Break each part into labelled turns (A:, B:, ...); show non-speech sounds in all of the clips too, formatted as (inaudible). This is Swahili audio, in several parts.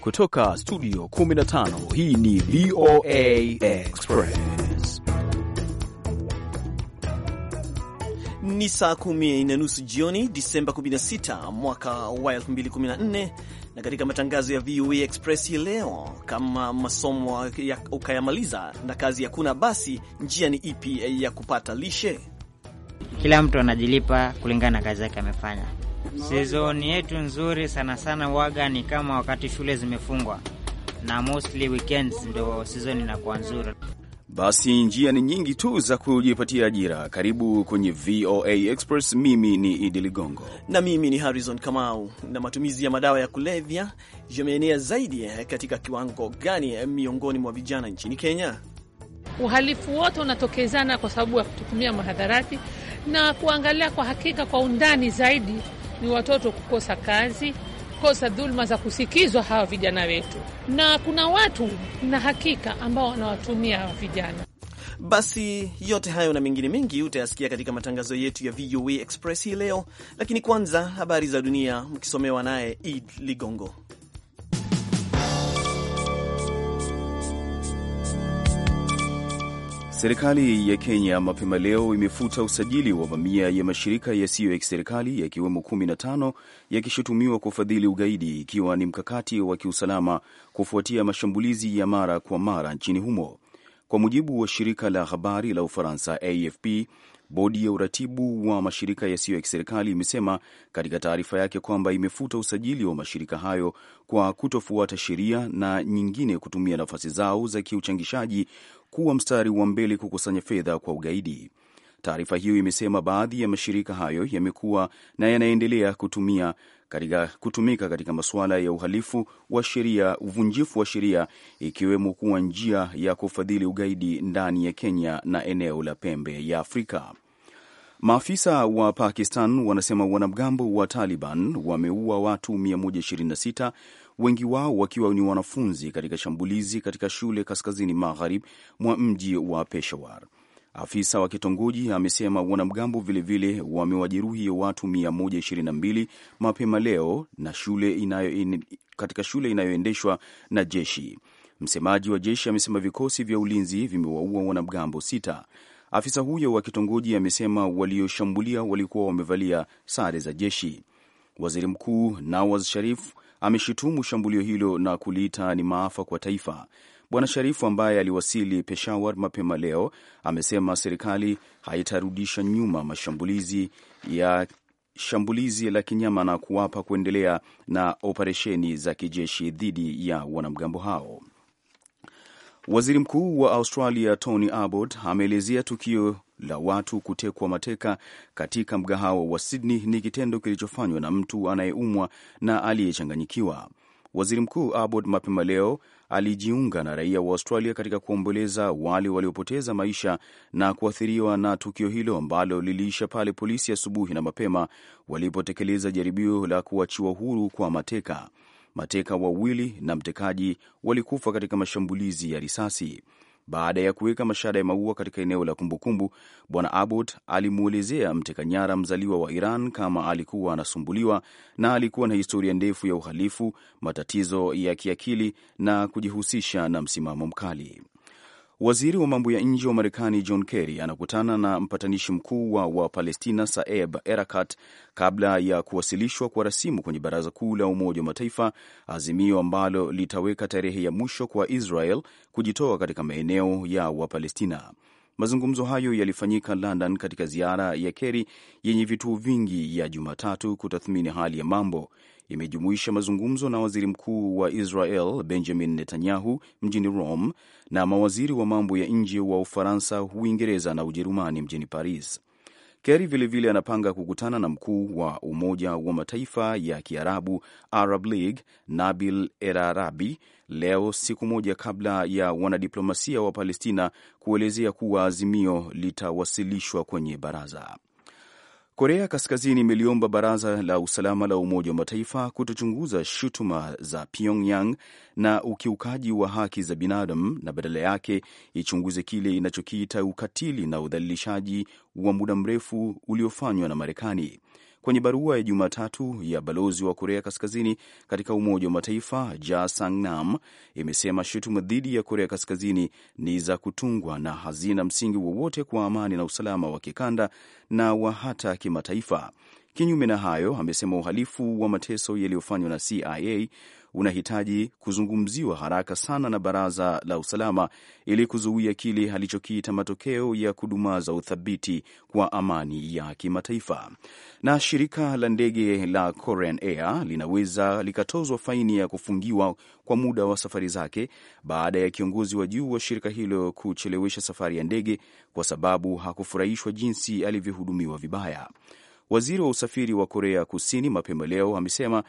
A: Kutoka studio 15 hii ni VOA Express.
B: Ni saa kumi na nusu jioni, Disemba 16 mwaka wa 2014 na katika matangazo ya VOA Express hii leo, kama masomo ukayamaliza na kazi hakuna, basi njia ni ipi
C: ya kupata lishe? Kila mtu anajilipa kulingana na kazi yake amefanya. Sizoni yetu nzuri sana sana waga ni kama wakati shule zimefungwa na mostly weekends ndo sizoni inakuwa nzuri.
A: Basi njia ni nyingi tu za kujipatia ajira. Karibu kwenye VOA Express. Mimi ni Idi Ligongo
C: na mimi
B: ni Harrison Kamau.
A: Na matumizi ya madawa ya kulevya yameenea zaidi eh, katika kiwango
B: gani eh, miongoni mwa vijana nchini Kenya?
D: Uhalifu wote unatokezana kwa sababu ya kutumia mahadharati na kuangalia kwa hakika kwa undani zaidi ni watoto kukosa kazi, kukosa dhuluma za kusikizwa hawa vijana wetu, na kuna watu na hakika ambao wanawatumia hawa vijana. Basi yote
B: hayo na mengine mengi utayasikia katika matangazo yetu ya VOA Express hii leo, lakini kwanza habari za dunia mkisomewa naye Id Ligongo.
A: Serikali ya Kenya mapema leo imefuta usajili wa mamia ya mashirika yasiyo ya kiserikali yakiwemo 15 yakishutumiwa kufadhili ugaidi, ikiwa ni mkakati wa kiusalama kufuatia mashambulizi ya mara kwa mara nchini humo. Kwa mujibu wa shirika la habari la Ufaransa AFP, bodi ya uratibu wa mashirika yasiyo ya kiserikali imesema katika taarifa yake kwamba imefuta usajili wa mashirika hayo kwa kutofuata sheria na nyingine kutumia nafasi zao za kiuchangishaji kuwa mstari wa mbele kukusanya fedha kwa ugaidi. Taarifa hiyo imesema baadhi ya mashirika hayo yamekuwa na yanaendelea kutumia katika kutumika katika masuala ya uhalifu wa sheria, uvunjifu wa sheria, ikiwemo kuwa njia ya kufadhili ugaidi ndani ya Kenya na eneo la pembe ya Afrika. Maafisa wa Pakistan wanasema wanamgambo wa Taliban wameua watu 126 wengi wao wakiwa ni wanafunzi, katika shambulizi katika shule kaskazini magharibi mwa mji wa Peshawar. Afisa wa kitongoji amesema wanamgambo vilevile wamewajeruhi watu 122 mapema leo na shule inayo, katika shule inayoendeshwa na jeshi. Msemaji wa jeshi amesema vikosi vya ulinzi vimewaua wanamgambo sita. Afisa huyo wa kitongoji amesema walioshambulia walikuwa wamevalia sare za jeshi. Waziri Mkuu Nawaz Sharif ameshutumu shambulio hilo na kuliita ni maafa kwa taifa. Bwana Sharifu ambaye aliwasili Peshawar mapema leo amesema serikali haitarudisha nyuma mashambulizi ya shambulizi la kinyama na kuwapa kuendelea na operesheni za kijeshi dhidi ya wanamgambo hao. Waziri Mkuu wa Australia Tony Abbott ameelezea tukio la watu kutekwa mateka katika mgahawa wa Sydney ni kitendo kilichofanywa na mtu anayeumwa na aliyechanganyikiwa. Waziri Mkuu Abbott mapema leo alijiunga na raia wa Australia katika kuomboleza wale waliopoteza maisha na kuathiriwa na tukio hilo ambalo liliisha pale polisi asubuhi na mapema walipotekeleza jaribio la kuachiwa huru kwa mateka. Mateka wawili na mtekaji walikufa katika mashambulizi ya risasi. Baada ya kuweka mashada ya maua katika eneo la kumbukumbu, Bwana Abbott alimwelezea mteka nyara mzaliwa wa Iran kama alikuwa anasumbuliwa na alikuwa na historia ndefu ya uhalifu, matatizo ya kiakili na kujihusisha na msimamo mkali. Waziri wa mambo ya nje wa Marekani John Kerry anakutana na mpatanishi mkuu wa Wapalestina Saeb Erekat kabla ya kuwasilishwa kwa rasimu kwenye Baraza Kuu la Umoja wa Mataifa, azimio ambalo litaweka tarehe ya mwisho kwa Israel kujitoa katika maeneo ya Wapalestina. Mazungumzo hayo yalifanyika London katika ziara ya Kerry yenye vituo vingi ya Jumatatu kutathmini hali ya mambo imejumuisha mazungumzo na waziri mkuu wa Israel Benjamin Netanyahu mjini Rome na mawaziri wa mambo ya nje wa Ufaransa, Uingereza na Ujerumani mjini Paris. Kerry vilevile anapanga kukutana na mkuu wa Umoja wa Mataifa ya Kiarabu, Arab League, Nabil El Arabi leo, siku moja kabla ya wanadiplomasia wa Palestina kuelezea kuwa azimio litawasilishwa kwenye baraza. Korea Kaskazini imeliomba Baraza la Usalama la Umoja wa Mataifa kutochunguza shutuma za Pyongyang na ukiukaji wa haki za binadamu na badala yake ichunguze kile inachokiita ukatili na udhalilishaji wa muda mrefu uliofanywa na Marekani. Kwenye barua ya Jumatatu ya balozi wa Korea Kaskazini katika Umoja wa Mataifa, Ja Sang-nam imesema shutuma dhidi ya Korea Kaskazini ni za kutungwa na hazina msingi wowote kwa amani na usalama wa kikanda na wa hata kimataifa. Kinyume na hayo, amesema uhalifu wa mateso yaliyofanywa na CIA unahitaji kuzungumziwa haraka sana na Baraza la Usalama ili kuzuia kile alichokiita matokeo ya kudumaza uthabiti kwa amani ya kimataifa. Na shirika la ndege la Korean Air linaweza likatozwa faini ya kufungiwa kwa muda wa safari zake baada ya kiongozi wa juu wa shirika hilo kuchelewesha safari ya ndege kwa sababu hakufurahishwa jinsi alivyohudumiwa vibaya. Waziri wa usafiri wa Korea Kusini mapema leo amesema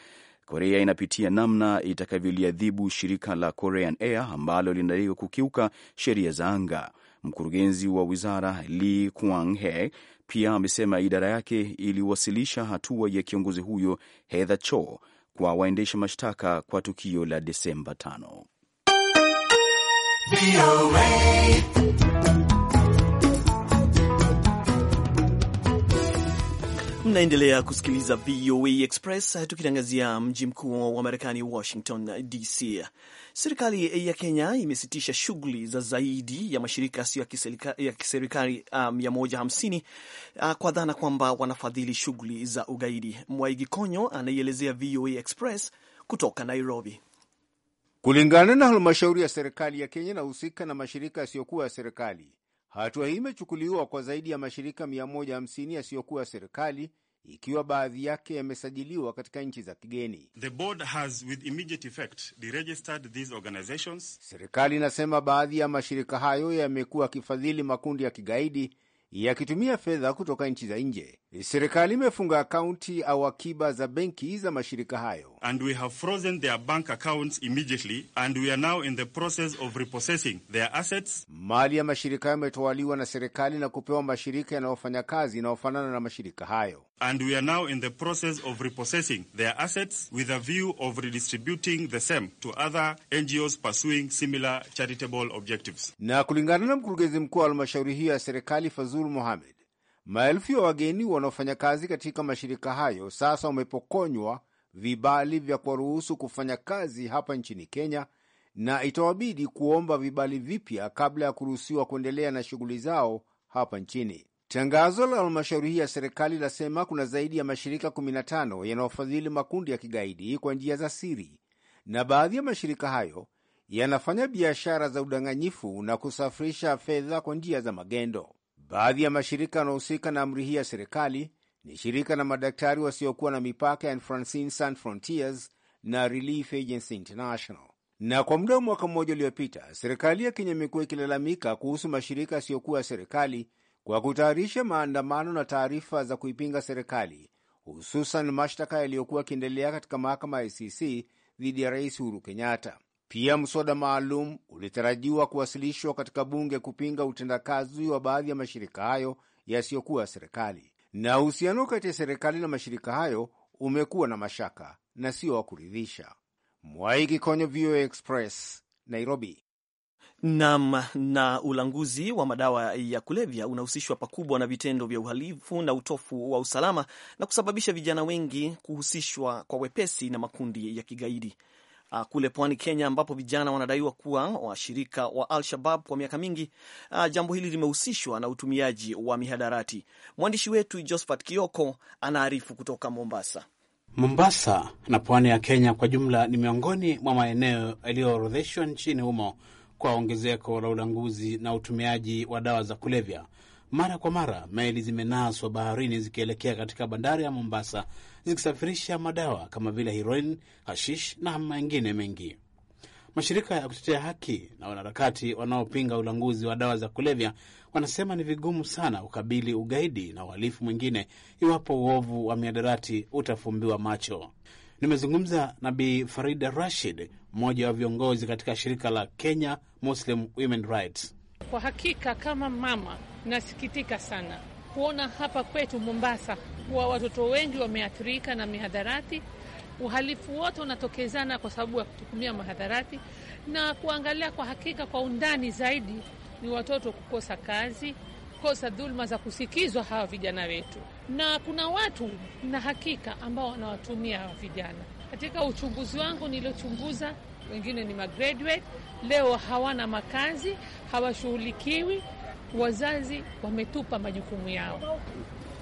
A: Korea inapitia namna itakavyoliadhibu shirika la Korean Air ambalo linadaiwa kukiuka sheria za anga. Mkurugenzi wa wizara Lee kwang he pia amesema idara yake iliwasilisha hatua ya kiongozi huyo Heather Cho kwa waendesha mashtaka kwa tukio la Desemba 5.
B: Mnaendelea kusikiliza VOA Express eh, tukitangazia mji mkuu wa Marekani, Washington eh, DC. Serikali ya Kenya imesitisha shughuli za zaidi ya mashirika yasiyo ya kiserikali 150 um, uh, kwa dhana kwamba wanafadhili shughuli za ugaidi. Mwaigi Konyo
E: anaielezea VOA Express kutoka Nairobi. Kulingana na halmashauri ya serikali ya Kenya inahusika na mashirika yasiyokuwa ya serikali, hatua hii imechukuliwa kwa zaidi ya mashirika 150 yasiyokuwa ya serikali ikiwa baadhi yake yamesajiliwa katika nchi za kigeni. The board has with immediate effect deregistered these organizations. Serikali inasema baadhi ya mashirika hayo yamekuwa yakifadhili makundi ya kigaidi yakitumia fedha kutoka nchi za nje. Eh, serikali imefunga akaunti au akiba za benki za mashirika hayo. And we have frozen their bank accounts immediately and we are now in the process of repossessing their assets. Mali ya mashirika hayo imetwaliwa na serikali na kupewa mashirika yanayofanya kazi inayofanana na mashirika hayo. And we are now in the process of repossessing their assets with a view of redistributing the same to other NGOs pursuing similar charitable objectives. Na kulingana na mkurugenzi mkuu wa halmashauri hiyo ya serikali Fazul Mohamed Maelfu ya wageni wanaofanya kazi katika mashirika hayo sasa wamepokonywa vibali vya kuwaruhusu kufanya kazi hapa nchini Kenya na itawabidi kuomba vibali vipya kabla ya kuruhusiwa kuendelea na shughuli zao hapa nchini. Tangazo la halmashauri hii ya serikali lasema kuna zaidi ya mashirika 15 yanayofadhili makundi ya kigaidi kwa njia za siri, na baadhi ya mashirika hayo yanafanya biashara za udanganyifu na kusafirisha fedha kwa njia za magendo. Baadhi ya mashirika yanaohusika na amri hii ya serikali ni shirika la madaktari wasiokuwa na mipaka ya Francine Sans Frontieres na Relief Agency International. Na kwa muda wa mwaka mmoja uliopita, serikali ya Kenya imekuwa ikilalamika kuhusu mashirika yasiyokuwa ya serikali kwa kutayarisha maandamano na taarifa za kuipinga serikali, hususan mashtaka yaliyokuwa yakiendelea katika mahakama ya ICC dhidi ya Rais Uhuru Kenyatta. Pia mswada maalum ulitarajiwa kuwasilishwa katika bunge kupinga utendakazi wa baadhi ya mashirika hayo yasiyokuwa ya serikali, na uhusiano kati ya serikali na mashirika hayo umekuwa na mashaka na sio wa kuridhisha. Mwai Kikonyo, VOA Express, Nairobi. Nam na ulanguzi wa madawa ya kulevya unahusishwa
B: pakubwa na vitendo vya uhalifu na utofu wa usalama na kusababisha vijana wengi kuhusishwa kwa wepesi na makundi ya kigaidi uh, kule pwani Kenya, ambapo vijana wanadaiwa kuwa washirika wa Al-Shabab kwa miaka mingi. Uh, jambo hili limehusishwa na utumiaji wa mihadarati. Mwandishi wetu Josephat Kioko anaarifu kutoka Mombasa.
F: Mombasa na pwani ya Kenya kwa jumla ni miongoni mwa maeneo yaliyoorodheshwa nchini humo kwa ongezeko la ulanguzi na utumiaji wa dawa za kulevya. Mara kwa mara meli zimenaswa baharini zikielekea katika bandari ya Mombasa zikisafirisha madawa kama vile heroin, hashish na mengine mengi. Mashirika ya kutetea haki na wanaharakati wanaopinga ulanguzi wa dawa za kulevya wanasema ni vigumu sana kukabili ugaidi na uhalifu mwingine iwapo uovu wa miadarati utafumbiwa macho. Nimezungumza na Bi Farida Rashid, mmoja wa viongozi katika shirika la Kenya Muslim Women Rights.
D: Kwa hakika kama mama nasikitika sana kuona hapa kwetu Mombasa kuwa watoto wengi wameathirika na mihadharati. Uhalifu wote unatokezana kwa sababu ya kutumia mihadharati, na kuangalia kwa hakika kwa undani zaidi ni watoto kukosa kazi, kukosa dhuluma za kusikizwa hawa vijana wetu, na kuna watu na hakika ambao wanawatumia hawa vijana. Katika uchunguzi wangu niliochunguza, wengine ni magraduate leo hawana makazi, hawashughulikiwi wazazi wametupa majukumu yao.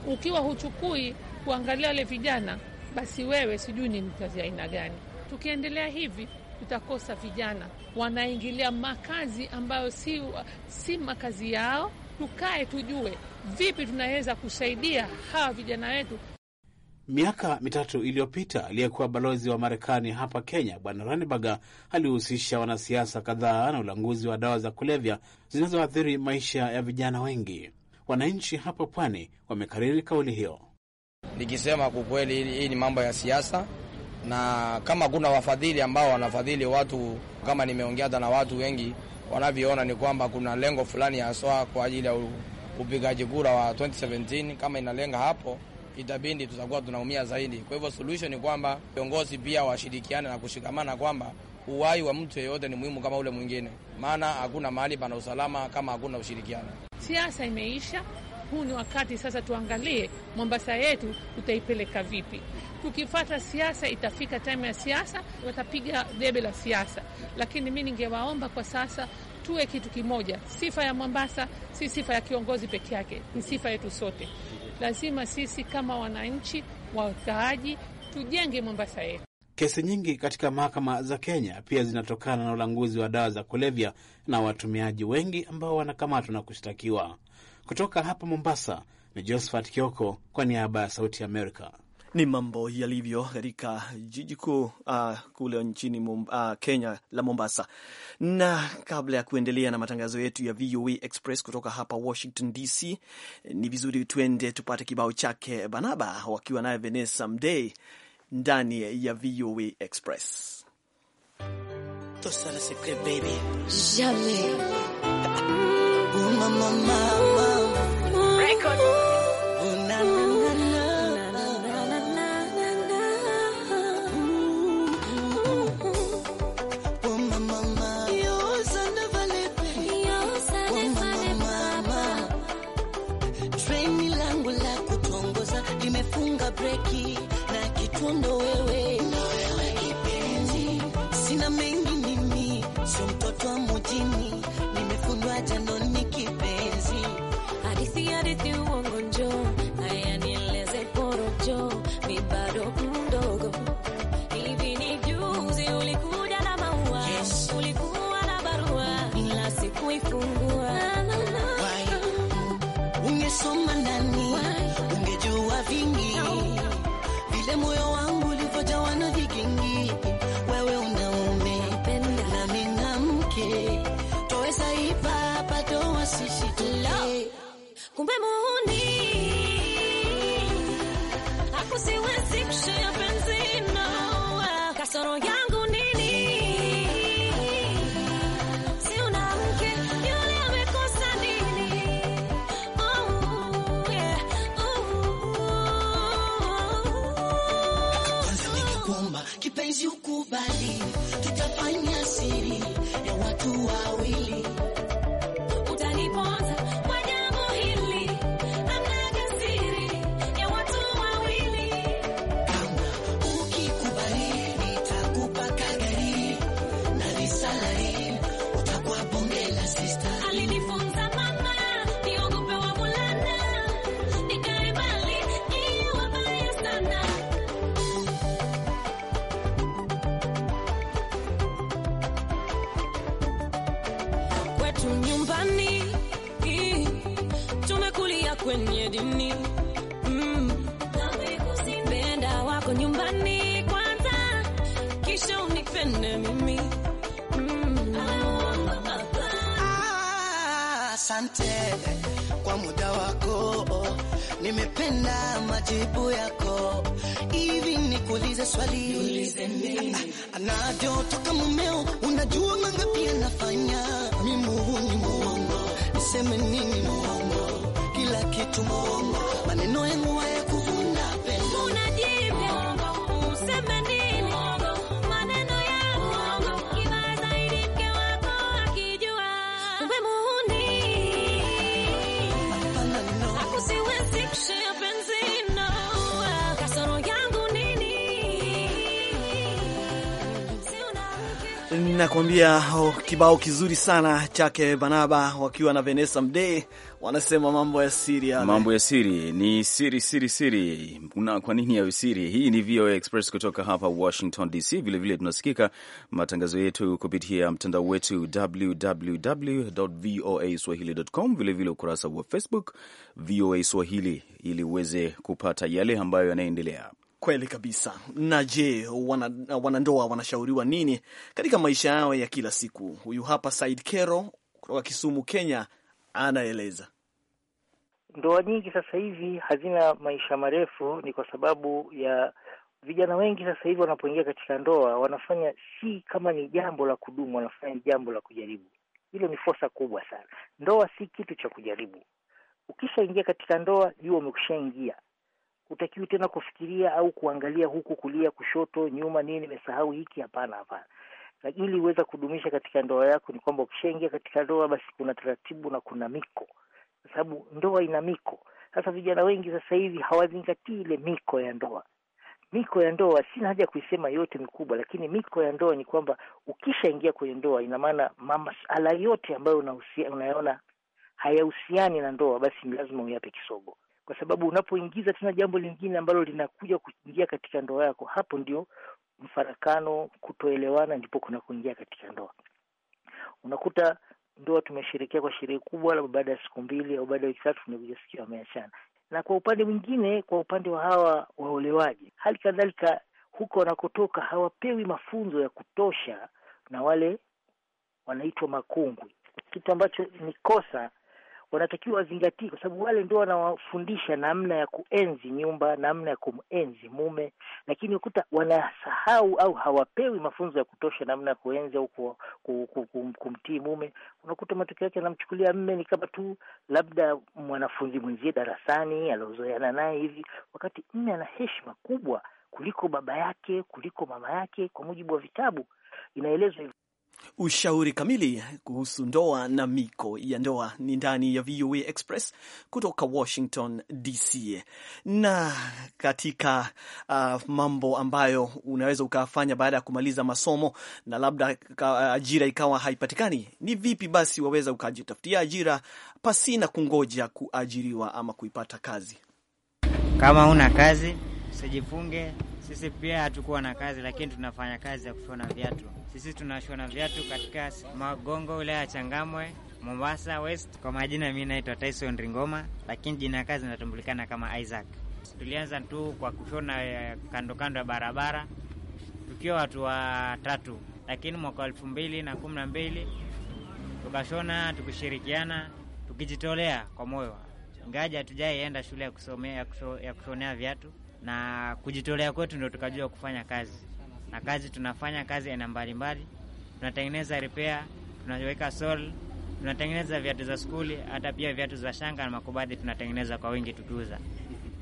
D: Ukiwa huchukui kuangalia wale vijana, basi wewe sijui ni mkazi aina gani. Tukiendelea hivi tutakosa vijana, wanaingilia makazi ambayo si, si makazi yao. Tukae tujue vipi tunaweza kusaidia hawa vijana wetu
F: Miaka mitatu iliyopita aliyekuwa balozi wa Marekani hapa Kenya Bwana Ranibaga alihusisha wanasiasa kadhaa na ulanguzi wa dawa za kulevya zinazoathiri maisha ya vijana wengi. Wananchi hapa pwani wamekariri kauli hiyo, nikisema kwa kweli, hii ni mambo ya
A: siasa, na kama kuna wafadhili ambao wanafadhili watu, kama hata na watu wengi, wanavyoona ni kwamba kuna lengo fulani haswa kwa ajili ya upigaji
G: kura wa 2017 kama inalenga hapo itabindi tutakuwa tunaumia zaidi. Kwa hivyo solution ni
A: kwamba viongozi pia washirikiane na kushikamana kwamba uhai wa mtu yeyote ni muhimu kama ule mwingine, maana hakuna mahali pana usalama kama hakuna ushirikiano.
D: Siasa imeisha. Huu ni wakati sasa tuangalie Mombasa yetu tutaipeleka vipi. Tukifata siasa, itafika time ya siasa, watapiga debe la siasa. Lakini mi ningewaomba kwa sasa tuwe kitu kimoja. Sifa ya Mombasa si sifa ya kiongozi peke yake, ni sifa yetu sote. Lazima sisi kama wananchi wakaaji tujenge Mombasa yetu.
F: Kesi nyingi katika mahakama za Kenya pia zinatokana na ulanguzi wa dawa za kulevya na watumiaji wengi ambao wanakamatwa na kushtakiwa. Kutoka hapa Mombasa ni Josephat Kioko kwa niaba ya Sauti ya Amerika. Ni mambo yalivyo
B: katika jiji kuu uh, kule nchini uh, Kenya la Mombasa. Na kabla ya kuendelea na matangazo yetu ya VOA e Express kutoka hapa Washington DC, ni vizuri tuende tupate kibao chake Banaba wakiwa naye Vanessa Mdee ndani ya VOA e Express.
A: Jamais.
H: kumbe muhuni akusiwezi kwenye dini mm. wako nyumbani kwanza, kisha unipende mimi mm.
A: asante kwa muda
B: wako, nimependa majibu yako. Hivi nikuulize swali, ah, anavyotoka mumeo, unajua mangapi anafanya? Mimi ni muongo, niseme nini?
H: tomorrow maneno yangu haya
B: nakuambia oh, kibao kizuri sana chake Banaba wakiwa na Vanessa Mdee wanasema mambo ya siri Mambo
A: ya siri ni siri siri siri. Una kwa nini yawe siri? Hii ni VOA Express kutoka hapa Washington DC. Vilevile vile tunasikika matangazo yetu kupitia mtandao wetu www.voaswahili.com, vilevile ukurasa wa Facebook VOA Swahili ili uweze kupata yale ambayo yanaendelea. Kweli kabisa. Na
B: je, wana, wanandoa wanashauriwa nini katika maisha yao ya kila siku? Huyu hapa Said Kero kutoka Kisumu, Kenya, anaeleza.
I: Ndoa nyingi sasa hivi hazina maisha marefu, ni kwa sababu ya vijana wengi sasa hivi wanapoingia katika ndoa wanafanya si kama ni jambo la kudumu, wanafanya ni jambo la kujaribu. Hilo ni fursa kubwa sana. Ndoa si kitu cha kujaribu. Ukishaingia katika ndoa, jua umekushaingia utakiwi tena kufikiria au kuangalia huku kulia kushoto nyuma nini nimesahau hiki hapana hapana ili uweza kudumisha katika ndoa yako ni kwamba ukishaingia katika ndoa basi kuna taratibu na kuna miko kwa sababu ndoa ina miko sasa vijana wengi sasa hivi hawazingatii ile miko ya ndoa miko ya ndoa sina haja ya kuisema yote mikubwa lakini miko ya ndoa ni kwamba ukishaingia kwenye ndoa ina maana masala yote ambayo unayaona hayahusiani na ndoa basi ni lazima uyape kisogo kwa sababu unapoingiza tena jambo lingine ambalo linakuja kuingia katika ndoa yako, hapo ndio mfarakano, kutoelewana, ndipo kuna kuingia katika ndoa. Unakuta ndoa tumesherekea kwa sherehe kubwa, labda baada ya siku mbili au baada ya wiki tatu tunakuja sikia wameachana. Na kwa upande mwingine, kwa upande wa hawa waolewaji, hali kadhalika, huko wanakotoka hawapewi mafunzo ya kutosha na wale wanaitwa makungwi, kitu ambacho ni kosa wanatakiwa wazingatie, kwa sababu wale ndio wanawafundisha namna ya kuenzi nyumba, namna ya kumenzi mume, lakini ukuta wanasahau au hawapewi mafunzo ya kutosha namna ya kuenzi au ku, ku, ku, ku, kumtii mume. Unakuta matokeo yake anamchukulia mme ni kama tu labda mwanafunzi mwenzie darasani aliozoeana naye hivi, wakati mme ana heshima kubwa kuliko baba yake, kuliko mama yake, kwa mujibu wa vitabu inaelezwa hivyo.
B: Ushauri kamili kuhusu ndoa na miko ya ndoa ni ndani ya VOA Express kutoka Washington DC. Na katika uh, mambo ambayo unaweza ukafanya baada ya kumaliza masomo na labda ajira ikawa haipatikani, ni vipi basi waweza ukajitafutia ajira pasina kungoja kuajiriwa ama
C: kuipata kazi. Kama una kazi usijifunge sisi pia hatukuwa na kazi, lakini tunafanya kazi ya kushona viatu. Sisi tunashona viatu katika Magongo, wilaya ya Changamwe, Mombasa West. Kwa majina, mi naitwa Tyson Ringoma, lakini jina ya kazi inatambulikana kama Isaac. Tulianza tu kwa kushona eh, kando kando ya barabara tukiwa watu watatu, lakini mwaka wa elfu mbili na kumi na mbili tukashona tukishirikiana, tukijitolea kwa moyo, ngaja hatujaienda shule ya kushonea viatu na kujitolea kwetu ndio tukajua kufanya kazi, na kazi tunafanya kazi aina mbalimbali, tunatengeneza repair, tunaweka sol, tunatengeneza viatu za skuli, hata pia viatu za shanga na makubadhi tunatengeneza kwa wingi tukiuza.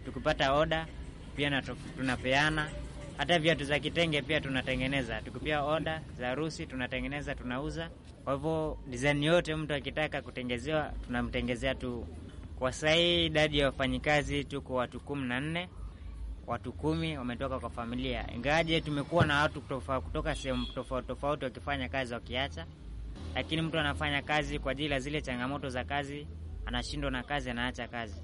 C: Tukipata oda pia tunapeana hata viatu za kitenge pia tunatengeneza, tukipia oda za harusi tunatengeneza, tunauza. Kwa hivyo design yote mtu akitaka kutengezewa tunamtengezea tu. Kwa sahii idadi ya wafanyikazi tuko watu kumi na nne watu kumi wametoka kwa familia, ingawaje tumekuwa na watu kutofa, kutoka sehemu tofauti tofauti wakifanya kazi wakiacha, lakini mtu anafanya kazi kwa ajili ya zile changamoto za kazi, anashindwa na kazi, anaacha kazi.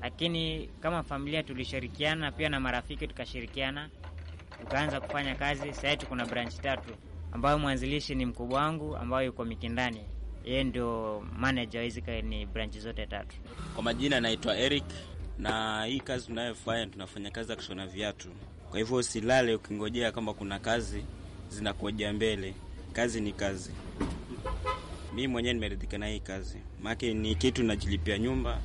C: Lakini kama familia tulishirikiana pia na marafiki, tukashirikiana tukaanza kufanya kazi. Sasa hivi kuna branch tatu ambayo mwanzilishi ni mkubwa wangu ambayo yuko Mikindani, yeye ndio manager hizi ni branch zote tatu. Kwa majina anaitwa
G: Eric na hii kazi tunayofanya, tunafanya kazi ya kushona viatu. Kwa hivyo usilale ukingojea kwamba kuna kazi zinakuja mbele. Kazi ni kazi. Mi mwenyewe nimeridhika na hii kazi, maake ni kitu najilipia nyumba,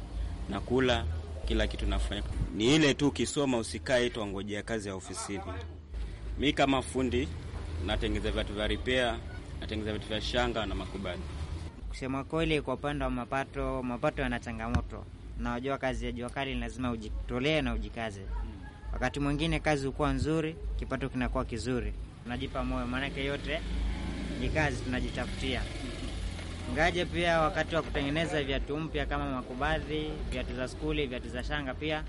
G: nakula, kila kitu nafanya. Ni ile tu ukisoma usikae tu twangojea kazi ya ofisini. Mi kama fundi natengeza viatu vya ripea, natengeza viatu vya shanga na makubali.
C: Kusema kweli, kwa upande wa mapato, mapato yana changamoto na wajua kazi ya jua kali lazima ujitolee na ujikaze. Wakati mwingine kazi hukuwa nzuri, kipato kinakuwa kizuri, tunajipa moyo, maanake yote ni kazi tunajitafutia. Ngaje pia wakati wa kutengeneza viatu mpya kama makubadhi, viatu za skuli, viatu za shanga pia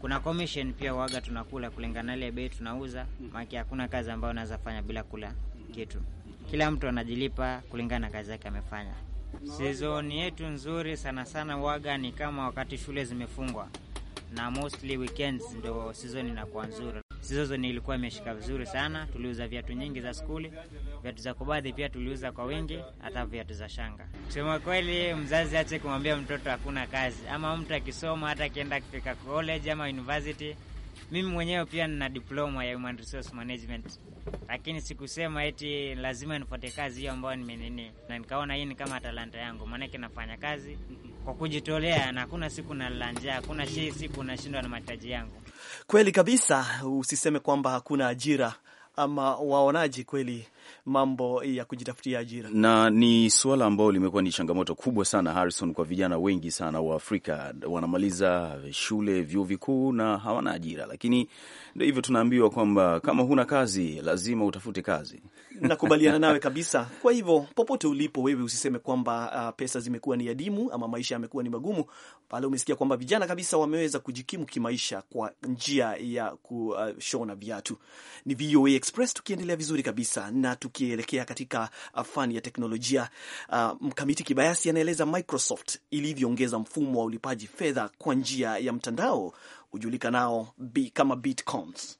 C: kuna commission pia waga tunakula kulingana ile bei tunauza, maanake hakuna kazi ambayo unaweza fanya bila kula kitu. Kila mtu anajilipa kulingana na kazi yake amefanya. Sizoni yetu nzuri sana sana waga ni kama wakati shule zimefungwa na mostly weekends ndo sizoni inakuwa nzuri. Sizoni ilikuwa imeshika vizuri sana, tuliuza viatu nyingi za skuli, viatu za kubadhi pia tuliuza kwa wingi, hata viatu za shanga. Kusema kweli, mzazi ache kumwambia mtoto hakuna kazi, ama mtu akisoma hata akienda kufika college ama university mimi mwenyewe pia nina diploma ya human resource management, lakini sikusema eti lazima nifuate kazi hiyo ambayo nimenini, na nikaona hii ni kama talanta yangu, maanake nafanya kazi kwa kujitolea na hakuna siku nalala njaa, hakuna siku nashindwa na mahitaji yangu.
B: Kweli kabisa, usiseme kwamba hakuna ajira ama waonaji kweli mambo ya kujitafutia ajira,
A: na ni suala ambalo limekuwa ni changamoto kubwa sana Harrison, kwa vijana wengi sana wa Afrika. Wanamaliza shule, vyuo vikuu na hawana ajira, lakini ndo hivyo, tunaambiwa kwamba kama huna kazi lazima utafute kazi. Nakubaliana nawe
B: kabisa. Kwa hivyo popote ulipo wewe, usiseme kwamba uh, pesa zimekuwa ni adimu ama maisha yamekuwa ni magumu. Pale umesikia kwamba vijana kabisa wameweza kujikimu kimaisha kwa njia ya kushona ah, viatu. Ni VOA Express tukiendelea vizuri kabisa na tukielekea katika ah, fani ya teknolojia. Uh, mkamiti Kibayasi anaeleza Microsoft ilivyoongeza mfumo wa ulipaji fedha kwa njia ya mtandao ujulikanao kama Bitcoins.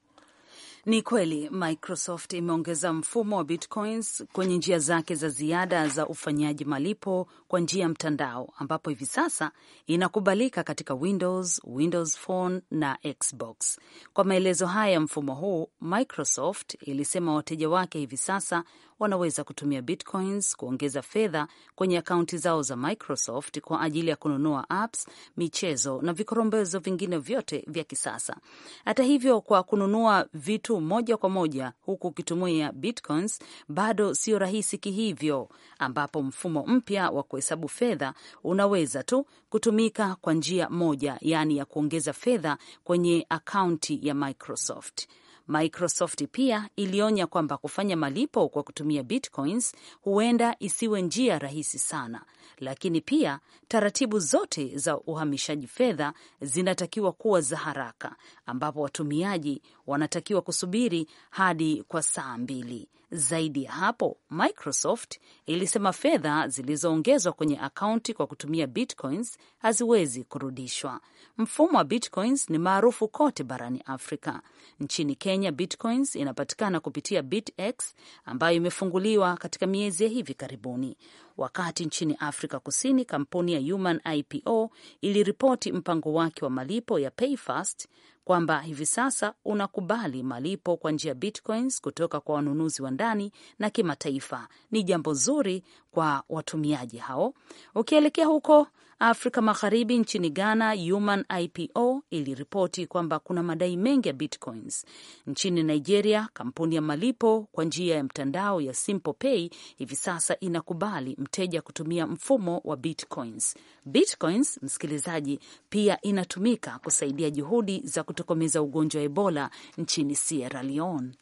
H: Ni kweli Microsoft imeongeza mfumo wa bitcoins kwenye njia zake za ziada za ufanyaji malipo kwa njia ya mtandao, ambapo hivi sasa inakubalika katika Windows, Windows Phone na Xbox. Kwa maelezo haya ya mfumo huu, Microsoft ilisema wateja wake hivi sasa wanaweza kutumia bitcoins kuongeza fedha kwenye akaunti zao za Microsoft kwa ajili ya kununua apps, michezo na vikorombezo vingine vyote vya kisasa. Hata hivyo, kwa kununua vitu moja kwa moja huku ukitumia bitcoins bado sio rahisi kihivyo, ambapo mfumo mpya wa kuhesabu fedha unaweza tu kutumika kwa njia moja, yaani ya kuongeza fedha kwenye akaunti ya Microsoft. Microsoft pia ilionya kwamba kufanya malipo kwa kutumia bitcoins huenda isiwe njia rahisi sana, lakini pia taratibu zote za uhamishaji fedha zinatakiwa kuwa za haraka, ambapo watumiaji wanatakiwa kusubiri hadi kwa saa mbili zaidi ya hapo, Microsoft ilisema fedha zilizoongezwa kwenye akaunti kwa kutumia bitcoins haziwezi kurudishwa. Mfumo wa bitcoins ni maarufu kote barani Afrika. Nchini Kenya, bitcoins inapatikana kupitia BitX ambayo imefunguliwa katika miezi ya hivi karibuni. Wakati nchini Afrika Kusini, kampuni ya Human IPO iliripoti mpango wake wa malipo ya PayFast kwamba hivi sasa unakubali malipo kwa njia ya bitcoins kutoka kwa wanunuzi wa ndani na kimataifa. Ni jambo zuri kwa watumiaji hao. Ukielekea huko Afrika Magharibi nchini Ghana, Human IPO iliripoti kwamba kuna madai mengi ya bitcoins. Nchini Nigeria, kampuni ya malipo kwa njia ya mtandao ya Simple Pay hivi sasa inakubali mteja kutumia mfumo wa bitcoins. Bitcoins, msikilizaji, pia inatumika kusaidia juhudi za kutokomeza ugonjwa wa Ebola nchini Sierra Leone.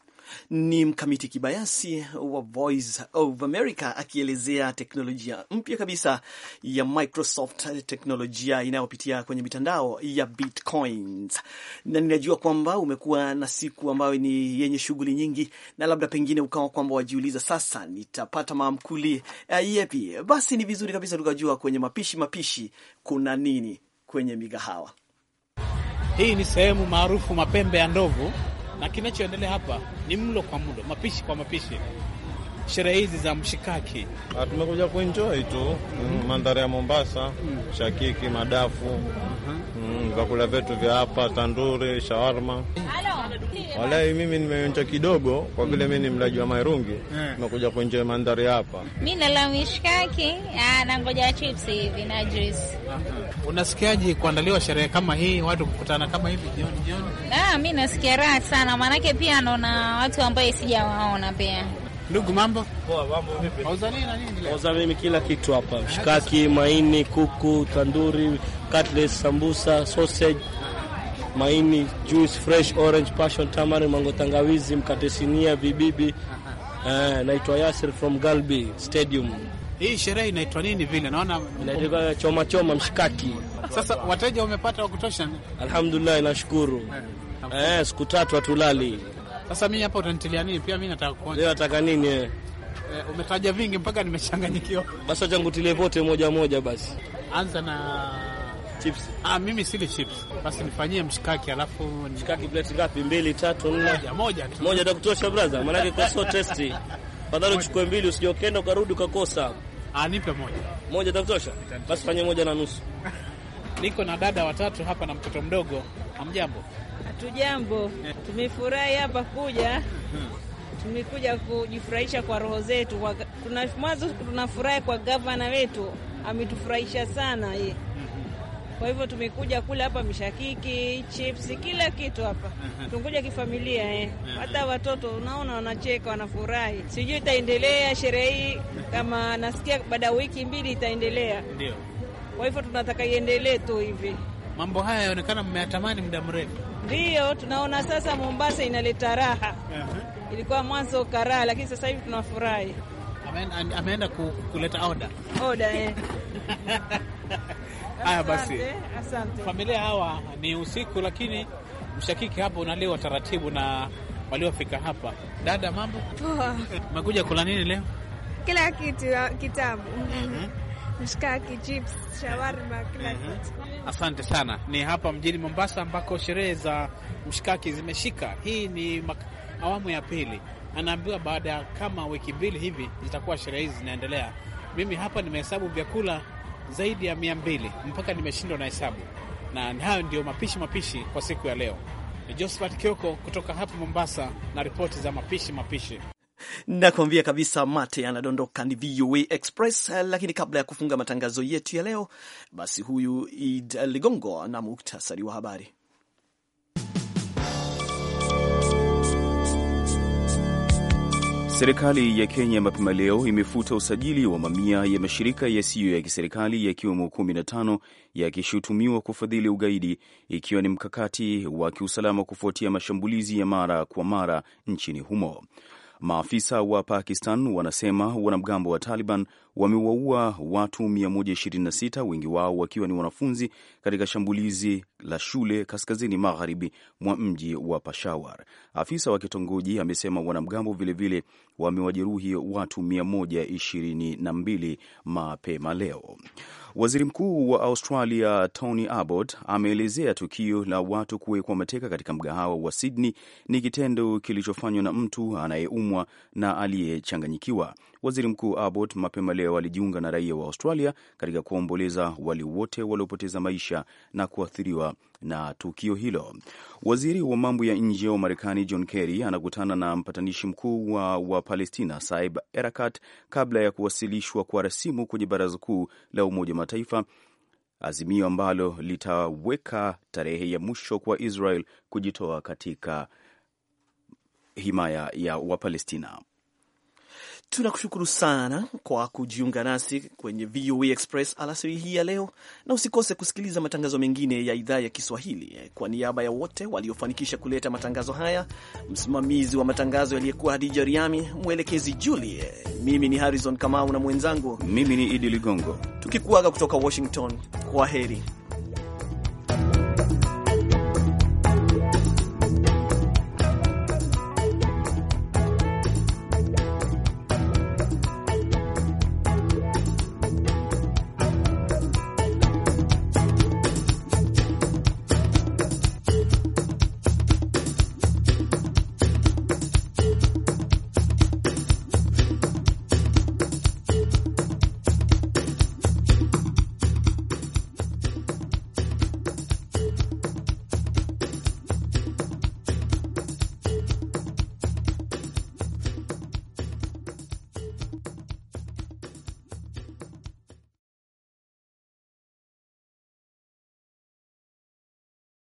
H: Ni Mkamiti Kibayasi wa Voice of America akielezea teknolojia
B: mpya kabisa ya Microsoft, teknolojia inayopitia kwenye mitandao ya bitcoins. Na ninajua kwamba umekuwa na siku ambayo ni yenye shughuli nyingi, na labda pengine ukawa kwamba wajiuliza, sasa nitapata maamkuli eh, yepi? Basi ni vizuri kabisa tukajua kwenye mapishi mapishi kuna nini kwenye migahawa.
F: Hii ni sehemu maarufu Mapembe ya Ndovu na kinachoendelea hapa ni mlo kwa mlo, mapishi kwa mapishi sherehe hizi za mshikaki? Ah, tumekuja kuenjoy tu mm, mhm. mandhari ya Mombasa, mm. shakiki, madafu, mhm. mm,
E: vyakula vyetu vya hapa, tanduri, shawarma. Walai, mimi nimeonja kidogo kwa vile mi ni mlaji wa Mairungi, eh. nimekuja kuenjoy mandhari hapa.
H: Mi nala mishikaki na ngoja chips hivi na juice.
F: Unasikiaje kuandaliwa sherehe kama hii, watu kukutana kama hivi jioni jioni?
H: Ah, mi nasikia raha sana, maanake pia naona watu ambaye sijawaona pia Ndugu mambo
F: poa, mambo vipi? Auza nini na nini leo? Auza mimi kila
G: kitu hapa, mshikaki, maini, kuku, tanduri, cutlets, sambusa, sausage, maini, juice, fresh orange, passion, tamari, mango, tangawizi, mkate sinia, vibibi. (laughs) Eh, naitwa Yasir from Galbi Stadium. Hii sherehe inaitwa nini vile? Naona inaitwa choma choma mshikaki. Sasa wateja wamepata wa kutosha? Alhamdulillah, nashukuru. Eh, eh siku tatu hatulali.
F: Sasa mimi hapa utanitilia nini? Pia mimi nataka kuonja. Leo
G: nataka nini wewe?
F: Eh, Umetaja vingi mpaka nimechanganyikiwa. (laughs) Basi acha
G: ngutilie vote moja moja basi.
F: Anza na chips. Ah, mimi sili chips. Basi nifanyie mshikaki alafu mshikaki plate ngapi? Mbili, tatu, nne. Moja, moja tu. Moja itakutosha
G: brother. Maana yake so tasty. (laughs) Fadhali uchukue mbili usije ukenda ukarudi ukakosa. Ah, nipe
F: moja. Moja itakutosha? Basi fanye moja na nusu. (laughs) Niko na dada watatu hapa na mtoto mdogo.
C: Hamjambo? Hatujambo, tumefurahi hapa kuja, tumekuja kujifurahisha kwa roho zetu. Kuna mwanzo tunafurahi kwa gavana wetu, ametufurahisha sana ye. Kwa hivyo tumekuja kula hapa mishakiki, chips, kila kitu hapa. Tunakuja kifamilia eh. Hata watoto unaona wanacheka, wanafurahi. Sijui itaendelea sherehe hii, kama nasikia baada ya wiki mbili itaendelea. Ndio. Kwa hivyo tunataka iendelee tu hivi. Mambo haya
F: yaonekana mmeyatamani muda mrefu.
C: Ndiyo, tunaona sasa Mombasa inaleta raha. Uh-huh. Ilikuwa mwanzo karaha, lakini sasa hivi tunafurahi. Ameenda,
F: ameenda ku, kuleta oda
C: oda, eh. (laughs) Haya basi, asante familia. Hawa
F: ni usiku, lakini mshakiki hapa unaliwa taratibu na waliofika hapa. Dada, mambo umekuja? Oh. kula nini leo?
C: Kila kitu kitabu. uh-huh mshikaki, chips, shawarma, kila mhm. kitu.
F: Asante sana. Ni hapa mjini Mombasa ambako sherehe za mshikaki zimeshika. Hii ni awamu ya pili, anaambiwa baada ya kama wiki mbili hivi zitakuwa sherehe hizi zinaendelea. Mimi hapa nimehesabu vyakula zaidi ya mia mbili mpaka nimeshindwa na hesabu, na hayo ndio mapishi mapishi kwa siku ya leo. Ni Josephat Kioko kutoka hapa Mombasa na ripoti za mapishi mapishi.
B: Nakuambia kabisa mate anadondoka. Ni VOA Express. Lakini kabla ya kufunga matangazo yetu ya leo, basi huyu Id Ligongo na muktasari wa habari.
A: Serikali ya Kenya mapema leo imefuta usajili wa mamia ya mashirika yasiyo ya kiserikali yakiwemo 15 yakishutumiwa kufadhili ugaidi, ikiwa ni mkakati wa kiusalama kufuatia mashambulizi ya mara kwa mara nchini humo. Maafisa wa Pakistan wanasema wanamgambo wa Taliban wamewaua watu 126 wengi wao wakiwa ni wanafunzi katika shambulizi la shule kaskazini magharibi mwa mji wa Peshawar. Afisa wa kitongoji amesema wanamgambo vilevile wamewajeruhi watu 122 mapema leo. Waziri Mkuu wa Australia Tony Abbott ameelezea tukio la watu kuwekwa mateka katika mgahawa wa Sydney ni kitendo kilichofanywa na mtu anayeumwa na aliyechanganyikiwa Waziri Mkuu Abbott mapema leo alijiunga na raia wa Australia katika kuomboleza wale wote waliopoteza maisha na kuathiriwa na tukio hilo. Waziri wa mambo ya nje wa Marekani John Kerry anakutana na mpatanishi mkuu wa, wa Palestina Saib Erakat kabla ya kuwasilishwa kwa rasimu kwenye Baraza Kuu la Umoja wa Mataifa azimio ambalo litaweka tarehe ya mwisho kwa Israel kujitoa katika himaya ya Wapalestina. Tunakushukuru sana kwa kujiunga nasi
B: kwenye VOA e Express alasiri hii ya leo, na usikose kusikiliza matangazo mengine ya idhaa ya Kiswahili. Kwa niaba ya wote waliofanikisha kuleta matangazo haya, msimamizi wa matangazo yaliyekuwa Hadija Riami, mwelekezi Julie, mimi ni Harrison Kamau na mwenzangu
A: mimi ni Idi Ligongo,
B: tukikuaga kutoka Washington, kwa heri.